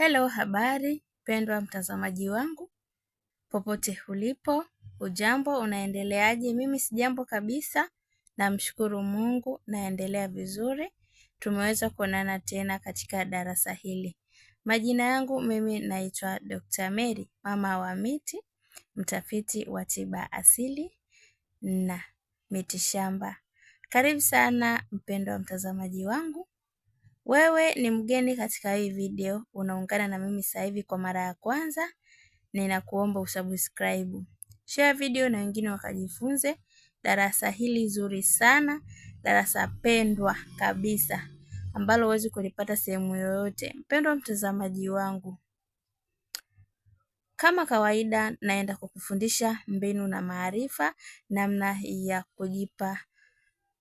Hello, habari pendwa mtazamaji wangu popote ulipo, ujambo Unaendeleaje? Mimi si jambo kabisa, namshukuru Mungu, naendelea vizuri. Tumeweza kuonana tena katika darasa hili. Majina yangu mimi naitwa Dr. Mary, mama wa miti, mtafiti wa tiba asili na miti shamba Karibu sana mpendwa mtazamaji wangu wewe ni mgeni katika hii video, unaungana na mimi sasa hivi kwa mara ya kwanza, ninakuomba usubscribe. Share video na wengine wakajifunze darasa hili zuri sana, darasa pendwa kabisa ambalo huwezi kulipata sehemu yoyote. Mpendwa mtazamaji wangu, kama kawaida, naenda kukufundisha mbinu na maarifa, namna ya kujipa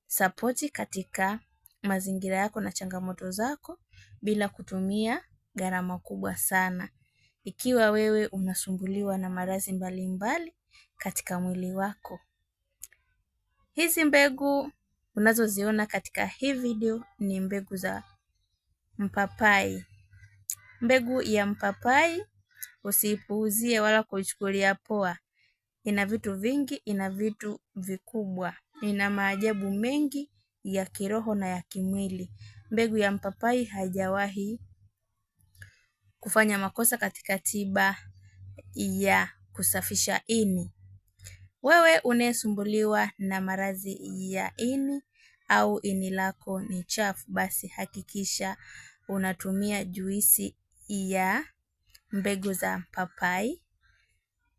sapoti katika mazingira yako na changamoto zako bila kutumia gharama kubwa sana. Ikiwa wewe unasumbuliwa na maradhi mbalimbali katika mwili wako. Hizi mbegu unazoziona katika hii video ni mbegu za mpapai. Mbegu ya mpapai usiipuuzie wala kuichukulia poa. Ina vitu vingi, ina vitu vikubwa, ina maajabu mengi ya kiroho na ya kimwili. Mbegu ya mpapai haijawahi kufanya makosa katika tiba ya kusafisha ini. Wewe unayesumbuliwa na maradhi ya ini au ini lako ni chafu, basi hakikisha unatumia juisi ya mbegu za papai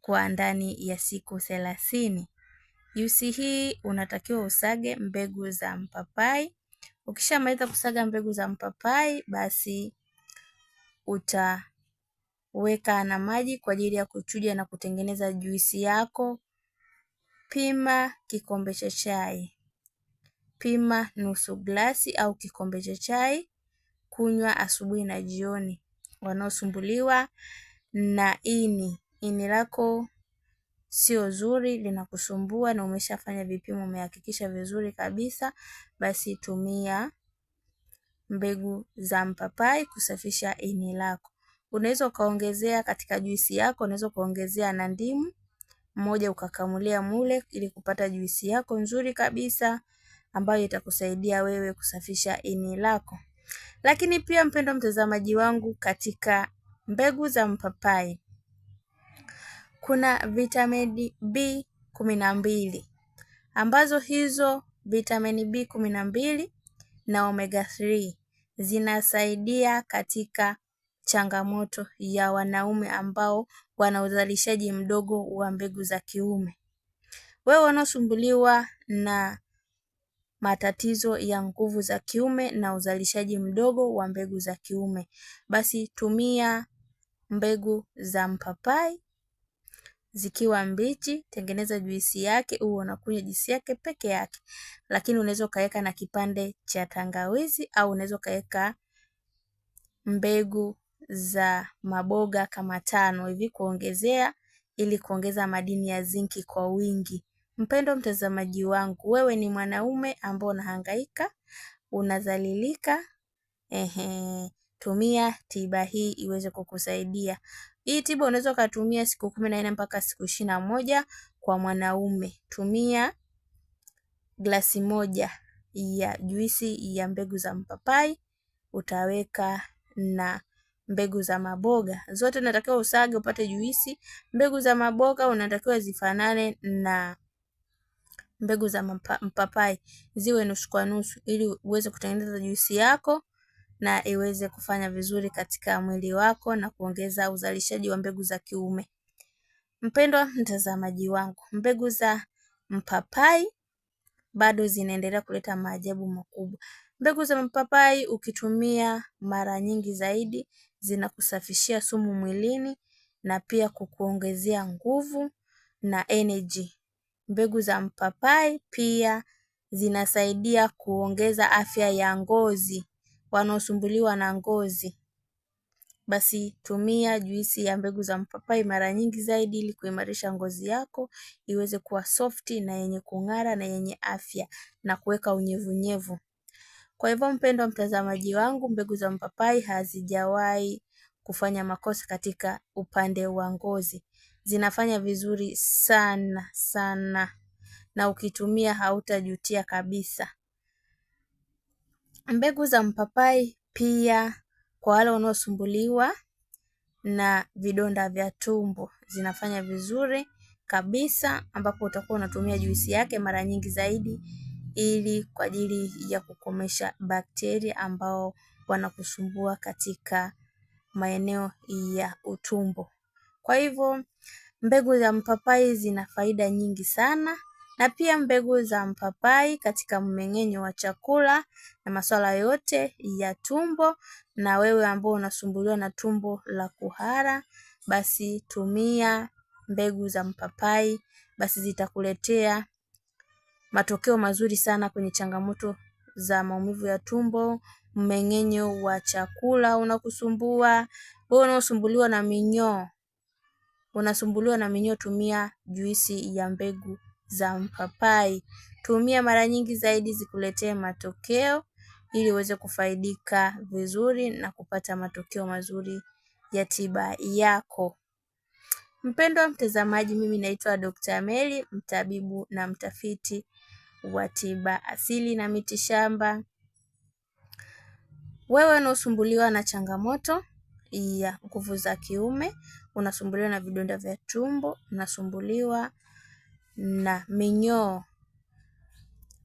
kwa ndani ya siku thelathini. Juisi hii unatakiwa usage mbegu za mpapai. Ukishamaliza kusaga mbegu za mpapai, basi utaweka na maji kwa ajili ya kuchuja na kutengeneza juisi yako. Pima kikombe cha chai, pima nusu glasi au kikombe cha chai. Kunywa asubuhi na jioni. Wanaosumbuliwa na ini ini lako sio zuri, linakusumbua na umeshafanya vipimo, umehakikisha vizuri kabisa, basi tumia mbegu za mpapai kusafisha ini lako. Unaweza ukaongezea katika juisi yako, unaweza ukaongezea na ndimu mmoja ukakamulia mule, ili kupata juisi yako nzuri kabisa ambayo itakusaidia wewe kusafisha ini lako. Lakini pia mpendwa mtazamaji wangu, katika mbegu za mpapai kuna vitamini B kumi na mbili ambazo hizo vitamini B kumi na mbili na omega 3 zinasaidia katika changamoto ya wanaume ambao wana uzalishaji mdogo wa mbegu za kiume. Wewe wanaosumbuliwa na matatizo ya nguvu za kiume na uzalishaji mdogo wa mbegu za kiume, basi tumia mbegu za mpapai zikiwa mbichi, tengeneza juisi yake, huo unakunywa juisi yake peke yake. Lakini unaweza ukaweka na kipande cha tangawizi au unaweza ukaweka mbegu za maboga kama tano hivi kuongezea, ili kuongeza madini ya zinki kwa wingi. Mpendo mtazamaji wangu, wewe ni mwanaume ambao unahangaika, unazalilika ehe, tumia tiba hii iweze kukusaidia. Hii tiba unaweza ukatumia siku kumi na nne mpaka siku ishirini na moja kwa mwanaume. Tumia glasi moja ya juisi ya mbegu za mpapai utaweka na mbegu za maboga zote unatakiwa usage upate juisi. Mbegu za maboga unatakiwa zifanane na mbegu za mpapai ziwe nusu kwa nusu, ili uweze kutengeneza juisi yako na iweze kufanya vizuri katika mwili wako na kuongeza uzalishaji wa mbegu za kiume. Mpendwa mtazamaji wangu, mbegu za mpapai bado zinaendelea kuleta maajabu makubwa. Mbegu za mpapai ukitumia mara nyingi zaidi zinakusafishia sumu mwilini na pia kukuongezea nguvu na energy. Mbegu za mpapai pia zinasaidia kuongeza afya ya ngozi wanaosumbuliwa na ngozi, basi tumia juisi ya mbegu za mpapai mara nyingi zaidi ili kuimarisha ngozi yako iweze kuwa softi na yenye kung'ara na yenye afya na kuweka unyevunyevu. Kwa hivyo mpendwa mtazamaji wangu, mbegu za mpapai hazijawahi kufanya makosa katika upande wa ngozi. Zinafanya vizuri sana sana, na ukitumia hautajutia kabisa. Mbegu za mpapai pia kwa wale wanaosumbuliwa na vidonda vya tumbo zinafanya vizuri kabisa, ambapo utakuwa unatumia juisi yake mara nyingi zaidi, ili kwa ajili ya kukomesha bakteria ambao wanakusumbua katika maeneo ya utumbo. Kwa hivyo mbegu za mpapai zina faida nyingi sana na pia mbegu za mpapai katika mmeng'enyo wa chakula na masuala yote ya tumbo. Na wewe ambao unasumbuliwa na tumbo la kuhara, basi tumia mbegu za mpapai, basi zitakuletea matokeo mazuri sana kwenye changamoto za maumivu ya tumbo, mmeng'enyo wa chakula unakusumbua, wewe unaosumbuliwa na minyoo, unasumbuliwa na minyoo, tumia juisi ya mbegu za mpapai. Tumia mara nyingi zaidi zikuletee matokeo ili uweze kufaidika vizuri na kupata matokeo mazuri ya tiba yako. Mpendwa mtazamaji, mimi naitwa Dr. Merry, mtabibu na mtafiti wa tiba asili na miti shamba. Wewe unaosumbuliwa na changamoto ya nguvu za kiume, unasumbuliwa na vidonda vya tumbo, unasumbuliwa na minyoo.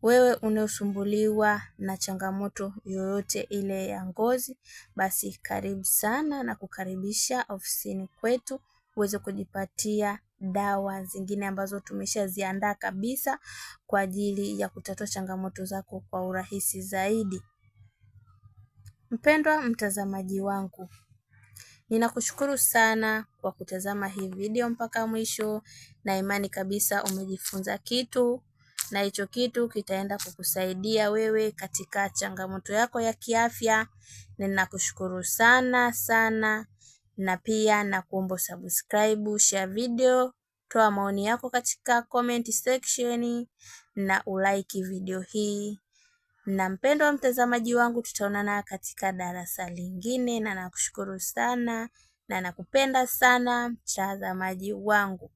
Wewe unaosumbuliwa na changamoto yoyote ile ya ngozi, basi karibu sana na kukaribisha ofisini kwetu uweze kujipatia dawa zingine ambazo tumeshaziandaa kabisa kwa ajili ya kutatua changamoto zako kwa urahisi zaidi. Mpendwa mtazamaji wangu, Ninakushukuru sana kwa kutazama hii video mpaka mwisho, na imani kabisa umejifunza kitu na hicho kitu kitaenda kukusaidia wewe katika changamoto yako ya kiafya. Ninakushukuru sana sana, na pia nakuomba subscribe, share video, toa maoni yako katika comment section na ulike video hii na mpendwa mtazamaji wangu, tutaonana katika darasa lingine, na nakushukuru sana na nakupenda sana mtazamaji wangu.